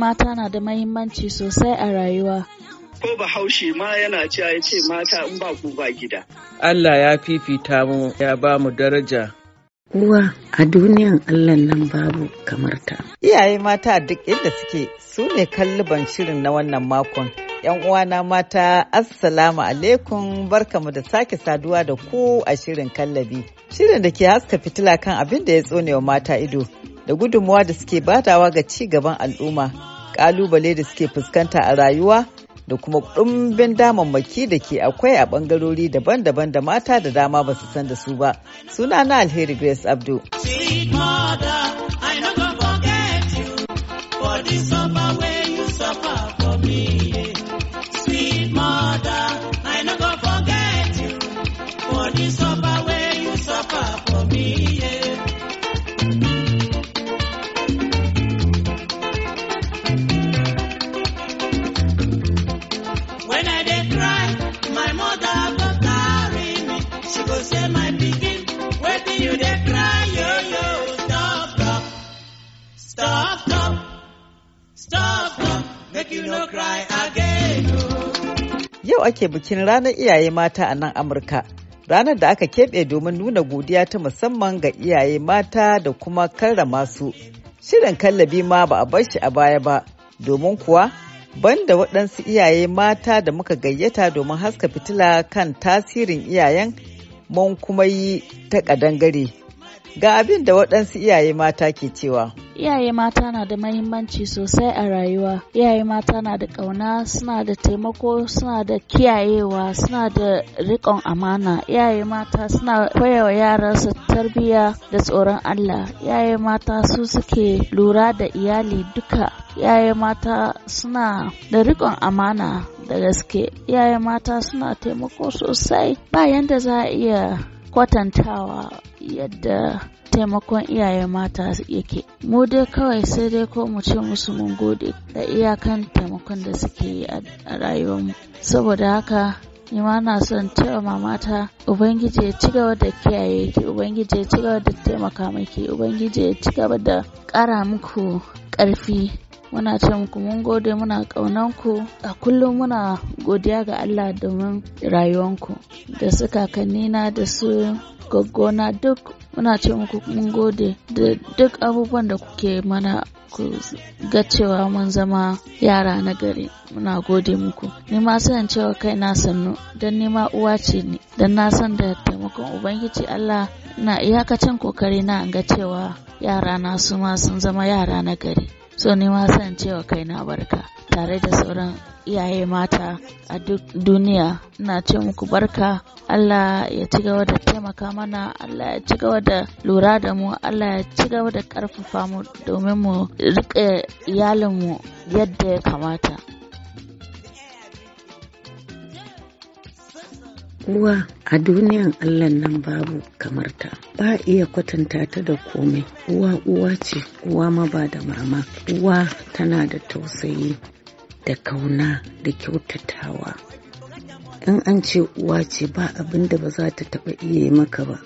mata na da mahimmanci sosai a rayuwa. Ko bahaushe ma yana cewa ya ce mata in ba ku ba gida. Allah ya fifita mu ya ba mu daraja. Uwa a duniyan Allah nan babu kamar ta. Iyaye mata duk inda suke su ne kalliban shirin na wannan makon. Yan uwana mata, Assalamu alaikum barkamu da sake saduwa da ku a shirin kallabi. Shirin da ke haska fitila kan abin da ya tsonewa mata ido. da gudunmuwa da suke badawa ga ci gaban al'umma kalubale da suke fuskanta a rayuwa da kuma ɗumbin damammaki da ke akwai a ɓangarori daban-daban da mata da dama ba su san da su ba suna na alheri grace Abdul. Yau ake bikin ranar iyaye mata a nan Amurka. Ranar da aka keɓe domin nuna godiya ta musamman ga iyaye mata da kuma karrama su. Shirin kallabi ma ba a bar shi a baya ba, domin kuwa banda waɗansu iyaye mata da muka gayyata domin haska fitila kan tasirin iyayen mun kuma yi ta ƙadangare Ga abin da waɗansu iyaye mata ke cewa. Iyaye mata na da mahimmanci sosai a rayuwa. Iyaye mata na da ƙauna, suna da taimako, suna da kiyayewa, suna da riƙon amana. Iyaye mata suna koyawa yaransu tarbiyya da tsoron Allah. Iyaye mata su suke lura da iyali duka. Iyaye mata suna da riƙon amana da gaske. Iyaye mata suna taimako sosai. bayan da za a iya kwatantawa yadda taimakon iyaye mata yake mu dai kawai sai dai ko mu ce musu mun gode da iyakan taimakon da suke yi a rayuwarmu saboda haka imana na son cewa mata. ubangiji ya ci gaba da kiyaye ki ubangiji ya ci gaba da taimaka miki ubangiji ya ci gaba da ƙara muku ƙarfi muna ce muku mun gode muna ƙaunanku a kullum muna godiya ga Allah domin rayuwanku da su kakannina da su gaggona duk muna ce muku mun gode da duk abubuwan da kuke mana ku ga cewa mun zama yara na gari muna gode muku ni ma san cewa kai na sannu don ni ma uwa ce ni don na san da taimakon ubangiji Allah na iyakacin kokari na ga cewa yara na su ma sun zama yara na gari so ni ma san cewa na barka tare da sauran iyaye mata a duk duniya na ce muku barka Allah ya ci gaba da taimaka mana Allah ya ci gaba da lura da mu Allah ya ci gaba da karfafa mu domin mu riƙe iyalinmu yadda ya kamata uwa a duniyan allah nan babu kamar ta ba iya kwatanta ta da komai uwa uwa ce uwa ma ba da mama uwa tana da tausayi da kauna da kyautatawa in an ce uwa ce ba abin da ba za ta taɓa iya yi maka ba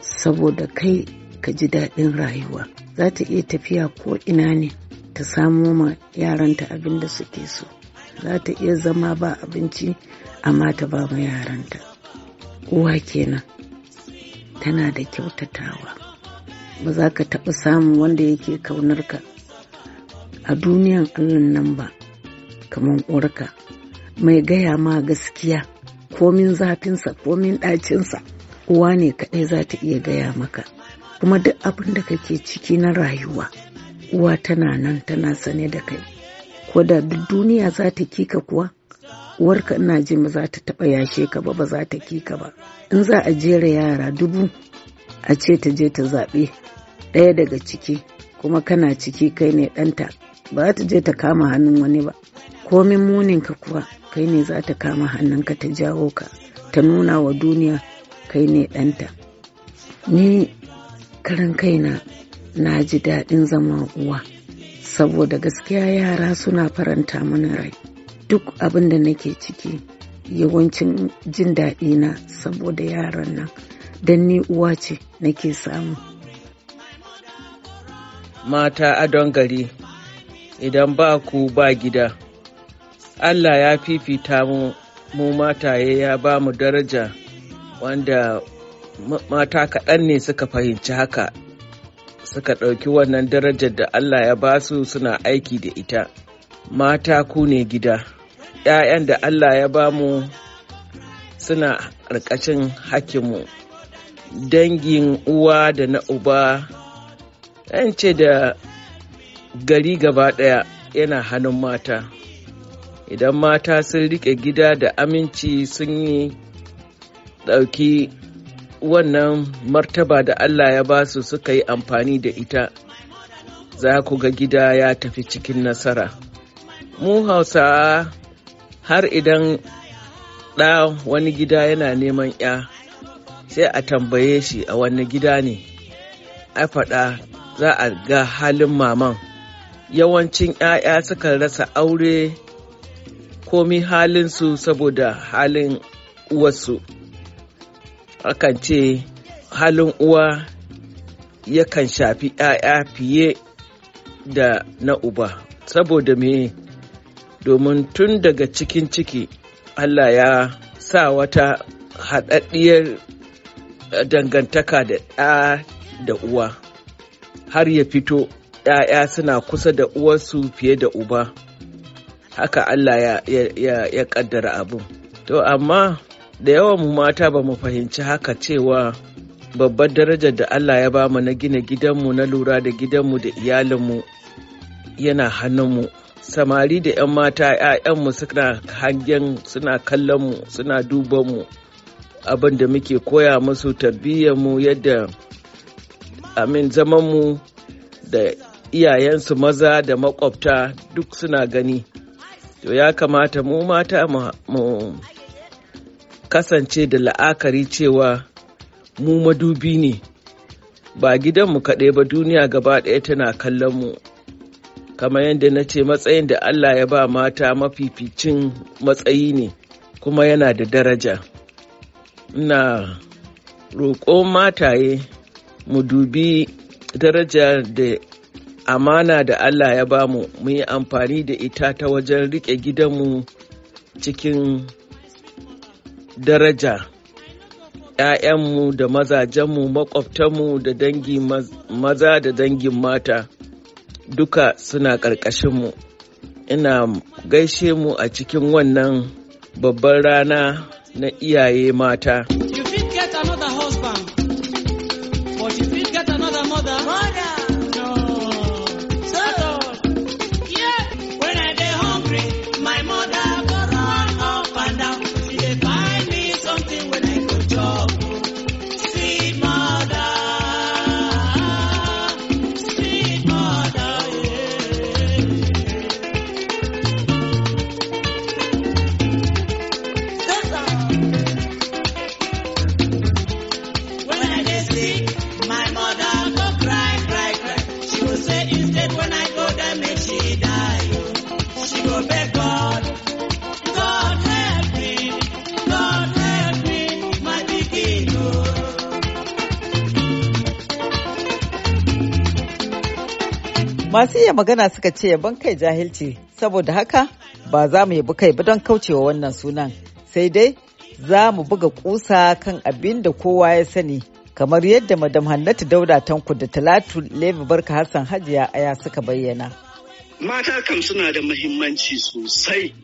saboda kai ka ji daɗin rayuwa za ta iya tafiya ko ina ne ta samo ma yaranta abin da suke so za ta iya zama ba abinci amma ta ba mu yaranta uwa kenan tana da kyautatawa ba za ka taɓa samun wanda yake kaunarka a duniyan allon nan ba kamar uwarka mai gaya ma gaskiya komin zafinsa komin ɗacinsa uwa ne kaɗai za ta iya gaya maka kuma duk abin da kake ciki na rayuwa uwa tana nan tana sane da kai ko da duk duniya za ta kika kuwa uwarka ina ji ba za ta taɓa yashe ka ba ba za ta ki ka ba in za a jera yara dubu a ce ta je ta zaɓe ɗaya daga ciki kuma kana ciki kai ne ɗanta ba ta je ta kama hannun wani ba komin muninka kuwa kai ne za ta kama hannun ka ta jawo ka ta nuna wa duniya kai ne ɗanta ni karan kaina na ji daɗin zama uwa saboda gaskiya yara suna faranta mana rai duk abin da nake ciki yawancin jin daɗi na saboda yaran nan don ni uwa ce nake samu mata adon gari idan ba ku ba gida allah ya fifita mu mu mataye ya ba mu daraja wanda mata kaɗan ne suka fahimci haka suka ɗauki wannan darajar da Allah ya ba su suna aiki da ita. Mata ku ne gida. 'ya'yan da Allah ya ba mu suna ƙarƙashin hakimu dangin uwa da na uba yan ce da gari gaba ɗaya yana hannun mata idan mata sun riƙe gida da aminci sun yi ɗauki wannan martaba da Allah ya ba su suka yi amfani da ita za ku ga gida ya tafi cikin nasara mu hausa har idan ɗa wani gida yana neman ya sai a tambaye shi a wani gida ne a faɗa za a ga halin maman yawancin 'ya'ya suka rasa aure komi halinsu saboda halin uwarsu akan ce halin uwa yakan shafi 'ya'ya fiye da na uba saboda me domin tun daga cikin ciki Allah ya sa wata haɗaɗɗiyar eh, dangantaka da ɗa da uwa har ya fito ‘ya'ya suna kusa da uwarsu fiye da uba haka Allah ya, ya, ya ƙaddara abu to amma da yawan mu mata ba mu fahimci haka cewa babbar darajar da Allah ya bamu na gina gidanmu na lura da gidanmu da iyalinmu yana hannunmu. mu samari da 'yan mata 'ya'yanmu suna hangen suna kallon mu suna duban mu abin da muke koya musu mu yadda amin zaman mu da iyayensu maza da makwabta duk suna gani to ya kamata mu mata mu kasance da la'akari cewa mu madubi ne ba gidanmu kaɗai ba duniya gaba ɗaya tana kallon mu kamar yadda na ce matsayin da Allah ya ba mata mafificin matsayi ne kuma yana da daraja ina roƙo mataye mu dubi daraja da amana da Allah ya ba mu mu yi amfani da ita ta wajen riƙe gidanmu cikin daraja ‘ya'yanmu da mazajenmu maƙwabtanmu da dangi maza da dangin mata duka suna ƙarƙashinmu ina gaishe mu a cikin wannan babban rana na iyaye mata. Masu iya magana suka ce yaban kai jahilci, saboda haka ba za mu yabi kai ba don kaucewa wannan sunan. Sai dai za mu buga kusa kan abin da kowa ya sani, kamar yadda Madam Hannatu Dauda Tanku da Talatu Levi Barka Hassan Hajiya Aya suka bayyana. Mata kam suna da muhimmanci sosai.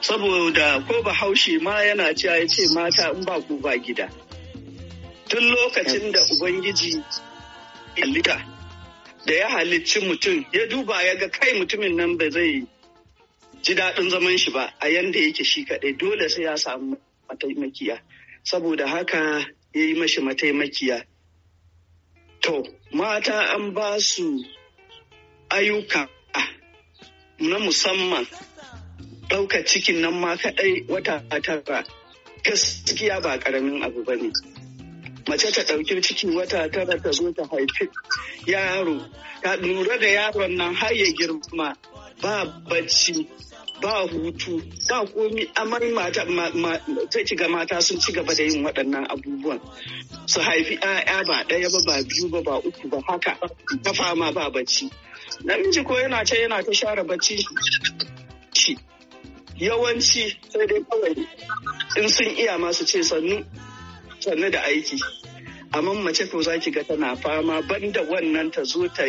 Saboda ko bahaushe ma yana cewa ya ce mata in ba ku ba gida. Tun lokacin da Ubangiji halitta da ya halicci mutum ya duba ya ga kai mutumin nan ba zai ji daɗin zaman shi ba a yanda yake shi kaɗai dole sai ya samu mataimakiya saboda haka ya yi mashi mataimakiya to mata an ba su ayyuka na musamman ɗauka cikin nan ma kaɗai wata tara gaskiya ba ƙaramin abu ba ne mace ta ɗauki ciki wata tara ta zo ta haifi yaro ta lura da yaron nan har ya girma ba bacci ba hutu ba komi amai mata ta ci ga mata sun ci gaba da yin waɗannan abubuwan su haifi 'ya'ya ba ɗaya ba ba biyu ba ba uku ba haka ta fama ba bacci namiji ko yana ce yana ta share bacci yawanci sai dai kawai in sun iya masu ce sannu sannu da aiki amma mace ko zaki ga tana fama banda wannan ta zo ta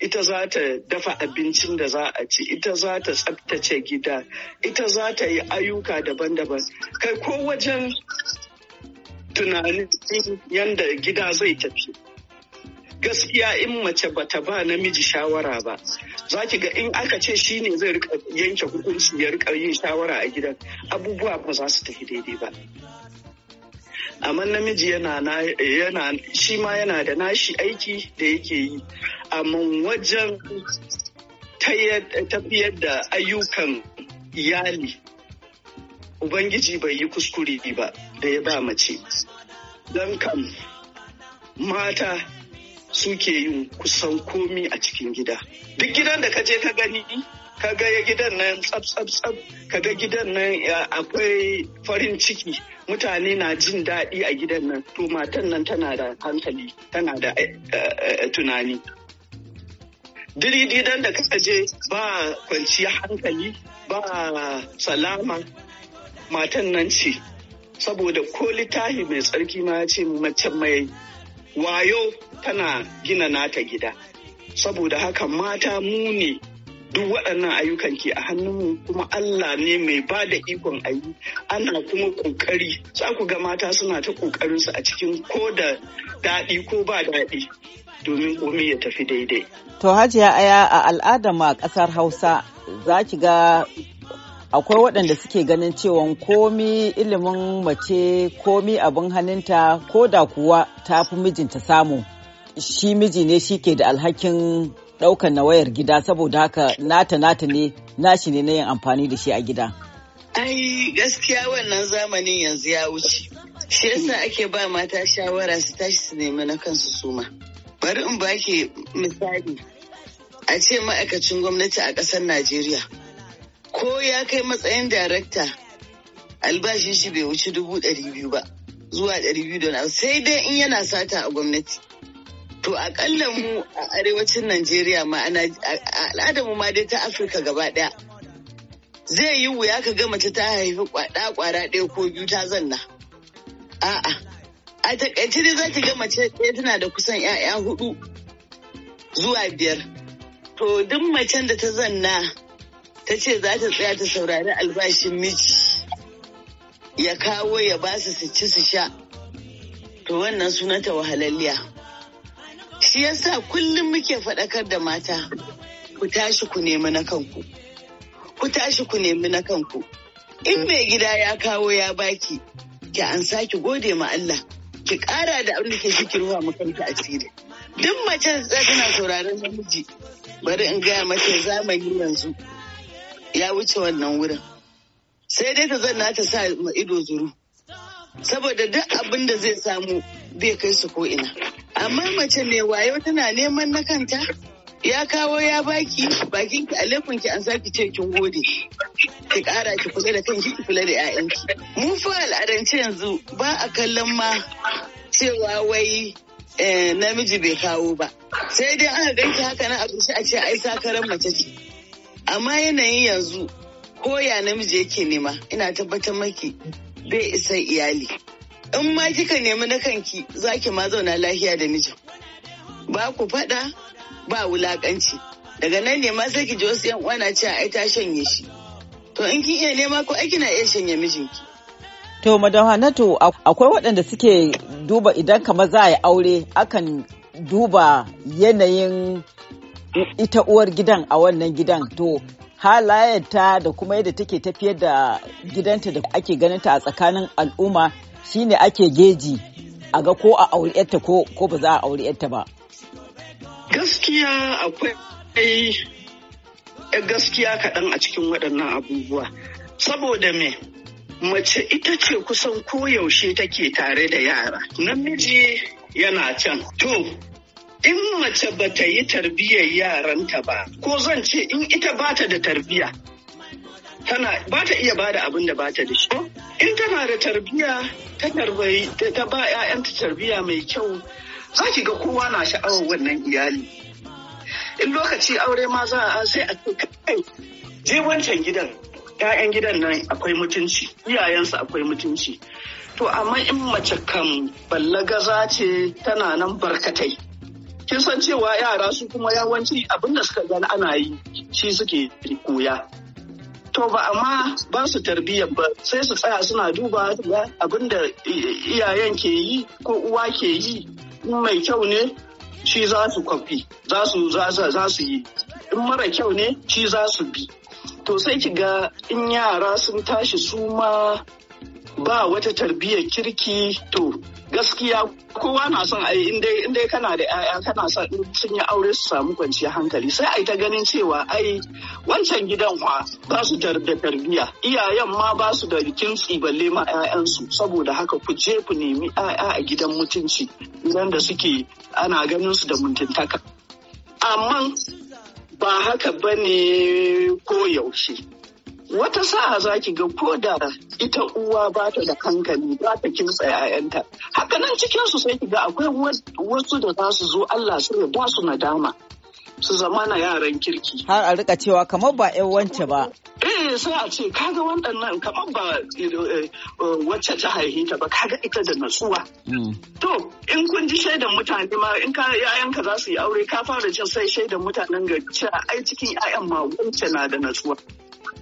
ita za ta dafa abincin da za a ci ita za ta tsabtace gida ita za ta yi ayyuka daban-daban kai ko wajen tunanin yanda gida zai tafi gaskiya in mace bata ba namiji shawara ba zaki ga in aka ce shi ne zai yanke hukunci ya rika yin shawara a gidan abubuwa ba za su tafi daidai ba amma namiji yana yana shi ma yana da nashi aiki da yake yi amma wajen tafiyar da ayyukan iyali ubangiji bai yi kuskure ba da ya ba mace don kam mata suke yin kusan komi a cikin gida duk gidan da kaje je ka gani ka ga gidan nan tsab tsab tsab ka ga gidan nan akwai farin ciki mutane na jin daɗi a gidan nan to matan nan tana da hankali tana da eh, eh, tunani diridi da ka je ba kwanciya hankali ba salama matan nan ce saboda ko littafi mai tsarki ma ya ce mace mai wayo tana gina nata gida saboda haka mata mu ne duk waɗannan ayyukan ke a hannunmu kuma Allah ne mai ba da ikon ayi ana kuma ƙoƙari za ku ga mata suna ta ƙoƙarinsu a cikin ko da daɗi ko ba daɗi domin komai ya tafi daidai. To hajiya aya a al'adar ma ƙasar Hausa za ki ga akwai waɗanda suke ganin cewa komi ilimin mace komi abin hannunta ko da kuwa ta fi mijinta samu shi miji ne shi ke da alhakin Daukan na wayar gida saboda haka nata nata ne nashi ne na yin amfani da shi a gida. Ai gaskiya wannan zamanin yanzu ya wuce. Shi yasa ake ba mata shawara su tashi su nemi na kansu suma. Bari in baki misali. A ce ma'aikacin gwamnati a ƙasar Najeriya. Ko ya kai matsayin darakta albashin shi bai wuce dubu ɗari biyu ba zuwa ɗari biyu da sai dai in yana sata a gwamnati. To akalla mu a arewacin Najeriya ma al'adar mu ma dai ta Afirka gaba ɗaya. Zai yi wuya ka ga mace ta haifi kwada kwara ɗaya ko biyu ta zanna. A'a. A takaice dai za ki ga mace ɗaya tana da kusan 'ya'ya hudu zuwa biyar. To duk macen da ta zanna ta ce za ta tsaya ta saurari albashin miji ya kawo ya ba su su ci su sha. To wannan sunanta wahalalliya. Shi yasa kullum muke faɗakar da mata ku tashi ku nemi na kanku. Ku tashi ku nemi na kanku. In mm. mai gida ya kawo ya baki, ki ansa ki gode ma Allah, ki ƙara da abin da ke ki ruwa makanta asiri. Duk mace da tana sauraron namiji, bari in gaya mace zamani yanzu ya wuce wannan wurin. Sai dai ta zanna ta sa ido zuru. Saboda duk abin da zai samu bai kai su ko ina. amma mace mai wayo tana neman na kanta ya kawo ya baki bakin ki alefin ki an saki ce kin gode ki kara ki kula da kanki ki kula da 'ya'yanki mun fa al'adance yanzu ba a kallon ma cewa wai eh, namiji bai kawo ba sai dai aka ganki haka na abu a ce ai sakaran mace ce amma yanayin yanzu ko ya namiji yake nema ina tabbatar maki bai isa iyali in ma kika nemi na kanki za ki ma zauna lafiya da mijin ba ku faɗa ba wulakanci daga nan ne ma sai ki ji wasu yan uwa ce ai ta shanye shi to in kin iya nema ko ai kina iya shanye mijinki to madam hanatu akwai waɗanda suke duba idan kamar za a yi aure akan duba yanayin ita uwar gidan a wannan gidan to halayenta da kuma yadda take tafiyar da gidanta da ake ganinta a tsakanin al'umma shine ake geji a ga ko a auri ko ba za a auri ba. Gaskiya akwai gaskiya kaɗan a cikin waɗannan abubuwa. Saboda me mace ita ce kusan koyaushe take tare da yara. Namiji yana can. To, in mace ba ta yi tarbiyyar yaranta ba ko zan ce in ita ba ta da tarbiyya tana ba ta iya ba da abin da ba ta da shi in tana da tarbiyya ta ba 'ya'yanta tarbiyya mai kyau za ki ga kowa na sha'awar wannan iyali in lokaci aure ma za a sai a kai je wancan gidan 'ya'yan gidan nan akwai mutunci iyayensu akwai mutunci to amma in mace kan ballaga za ce tana nan barkatai kin san cewa yara su kuma yawanci abin da suka gani ana yi shi suke koya to ba amma ba su tarbiyyar ba sai su tsaya suna duba abin da iyayen ke yi ko uwa ke yi mai kyau ne shi za su kwafi za su za su yi in mara kyau ne shi za su bi to sai ki ga in yara sun tashi su ma ba wata tarbiyyar kirki to gaskiya kowa na son ai in dai kana da yaya kana son sun yi aure su samu kwanciyar hankali sai a yi ta ganin cewa ai wancan gidan fa ba su da tarbiyya iyayen ma ba su da kintsi balle ma ƴaƴansu saboda haka ku je ku nemi ƴaƴa a gidan mutunci idan da suke ana ganin su da mutuntaka amma ba haka bane ko yaushe wata sa'a za ki ga ko da ita uwa ba ta da hankali ba ta kimtsa 'ya'yanta haka nan cikin su sai ki ga akwai wasu da za su zo Allah su ba su nadama su zama na yaran kirki har a rika cewa kamar ba 'yan wance ba eh sai a ce kaga waɗannan kamar ba eh, eh, wacce ta haihi ta ba kaga ita da natsuwa hmm. to in kun ji shaidan mutane ma in ka yayanka za su yi aure ka fara jin sai shaidan mutanen ga cewa ai cikin 'ya'yan ma wance na da natsuwa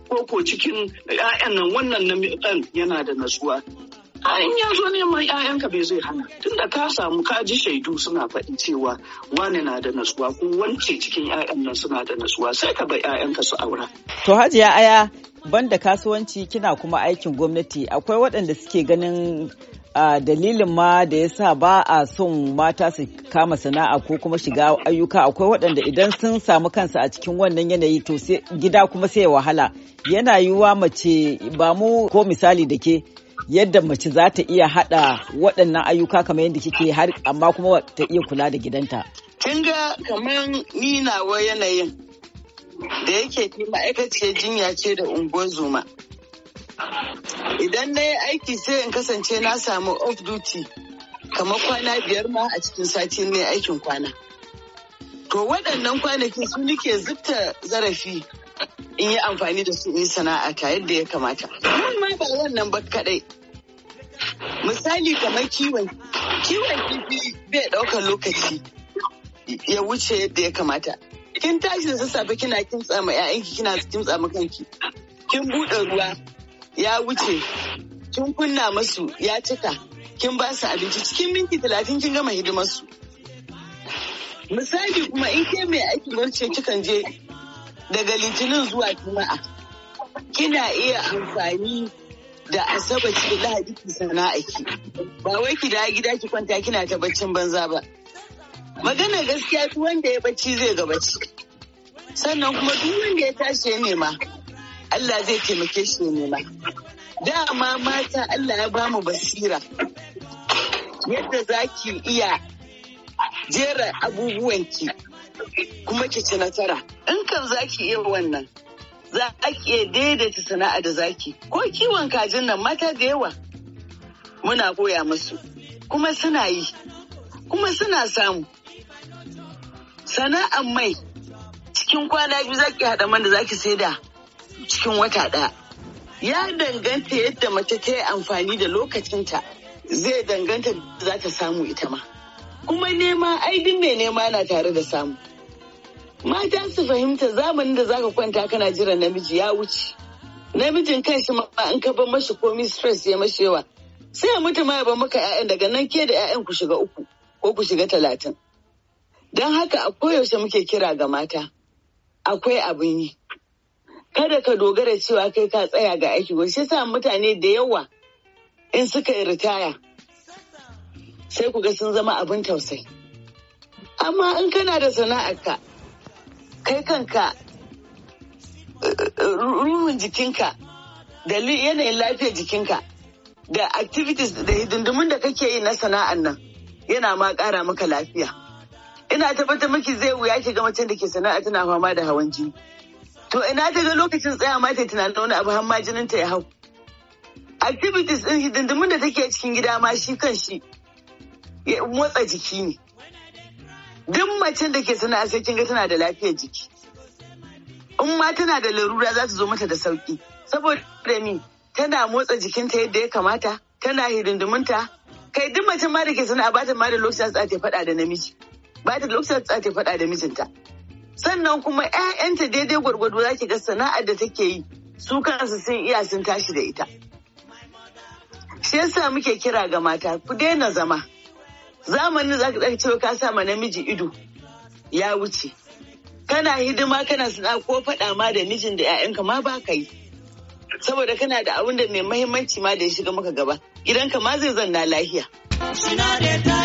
Koko cikin 'ya'yan nan wannan na ɗan yana da natsuwa a in ya zo neman 'ya'yanka bai zai hana tunda ka samu ka ji shaidu suna faɗi cewa wani na da natsuwa ko wance cikin 'ya'yan nan suna da natsuwa sai ka bar 'ya'yanka su aura to hajiya aya banda kasuwanci kina kuma aikin gwamnati akwai waɗanda suke ganin a dalilin ma da ya sa ba a son mata su kama sana'a ko kuma shiga ayyuka akwai waɗanda idan sun samu kansu a cikin wannan yanayi to gida kuma sai ya wahala yana yiwuwa mace ba mu ko misali da ke yadda mace za ta iya haɗa waɗannan ayyuka kamar yadda kike har amma kuma ta iya kula da gidanta. Kin ga kamar yanayin da yake ma'aikaciyar jinya ce da unguwar Idan na yi aiki sai in kasance na samu off duty kamar kwana biyar ma a cikin sati ne aikin kwana. To waɗannan kwanaki su nike zubta zarafi in yi amfani da su in sana'a ta yadda ya kamata. Mun ma ba wannan ba kaɗai. Misali kamar kiwon. Kiwon kifi bai ɗaukar lokaci ya wuce yadda ya kamata. Kin tashi da sassafe kina kimtsa ma 'ya'yanki kina kimtsa ma kanki. Kin buɗe ruwa ya wuce kin kunna masu ya cika kin ba su abinci cikin minti talatin kin gama hidimar su misali kuma in ke mai aiki barce kikan je daga litinin zuwa juma'a kina iya amfani da asabar cikin lahadi ki aiki ba wai ki da gida ki kwanta kina ta baccin banza ba magana gaskiya duk wanda ya bacci zai ga bacci sannan kuma duk wanda ya tashi ya nema Allah zai taimake shi ne ma. Dama mata Allah ya ba mu basira. Yadda za ki iya jera abubuwanki kuma ki ci nasara. In kan za ki iya wannan. Za a iya daidaita sana'a da zaki. Ko kiwon kajin nan mata da yawa muna koya musu. Kuma suna yi. Kuma suna samu. Sana'an mai cikin kwana biyu za ki haɗa man da sai da. cikin wata ɗaya. Ya danganta yadda mace ta yi amfani da lokacinta zai danganta za ta samu ita ma. Kuma nema aidin mai nema na tare da samu. Mata su fahimta zamanin da zaka kwanta kana jira namiji ya wuce. Namijin kanshi ma in ka bar mashi komi stress ya mashi yawa. Sai ya mutu ma ya bar maka 'ya'yan daga nan ke da 'ya'yan ku shiga uku ko ku shiga talatin. Don haka a koyaushe muke kira ga mata. Akwai abin yi. kada ka dogara cewa kai ka tsaya ga aiki ko shi sa mutane da yawa in suka yi ritaya sai ku ga sun zama abin tausayi amma in kana da sana'arka kai kanka eh, eh, ruhun jikinka da yanayin lafiyar jikinka da activities da hidindimun da kake yi na sana'ar nan yana ma kara maka lafiya ina tabbatar miki zai wuya ki ga macen da ke sana'a tana fama da hawan jini To ina ta ga lokacin tsaya ma ta tunanin wani abu hamma jinin ta ya hau. Activities din hidindimin da take cikin gida ma shi kan shi motsa jiki ne. Duk macen da ke sana'a sai kin ga tana da lafiyar jiki. In ma tana da larura za ta zo mata da sauki. Saboda ni tana motsa jikinta yadda ya kamata, tana hidindiminta, kai duk macen ma da ke sana'a ba ta ma da lokacin tsaya ta faɗa da namiji. Ba ta lokacin tsaya ta faɗa da mijinta. sannan kuma 'ya'yanta daidai gwargwado za ki ga sana'ar da take yi su kansu sun iya sun tashi da ita shi yasa muke kira ga mata ku daina zama zamanin za ka cewa ka sa ma namiji ido ya wuce kana hidima kana sana'a ko faɗa ma da mijin da 'ya'yanka ma ba ka yi saboda kana da abin da mai mahimmanci ma da ya shiga maka gaba gidanka ma zai zanna lahiya. Sinare ta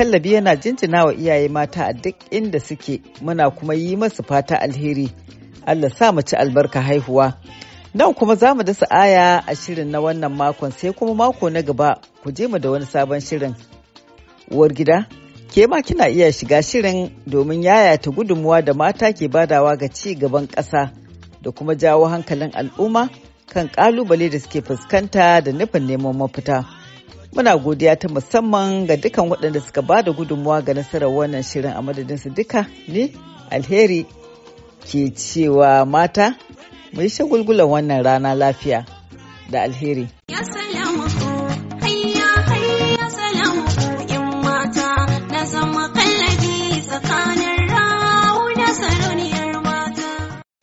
tallabi yana jinjina wa iyaye mata a duk inda suke muna kuma yi masu fata alheri allah sa mu ci albarka haihuwa nan kuma za mu dasa aya a shirin na wannan makon sai kuma mako na gaba ku je mu da wani sabon shirin uwar gida ke ma kina iya shiga shirin domin yayata gudunmuwa da mata ke badawa ga ci gaban ƙasa da kuma jawo hankalin al'umma kan ƙalubale da suke fuskanta da nufin neman mafita. Muna godiya ta musamman ga dukan waɗanda suka ba da gudunmuwa ga nasarar wannan shirin a su duka ne alheri ke cewa mata mu yi shagulgulan wannan rana lafiya da alheri.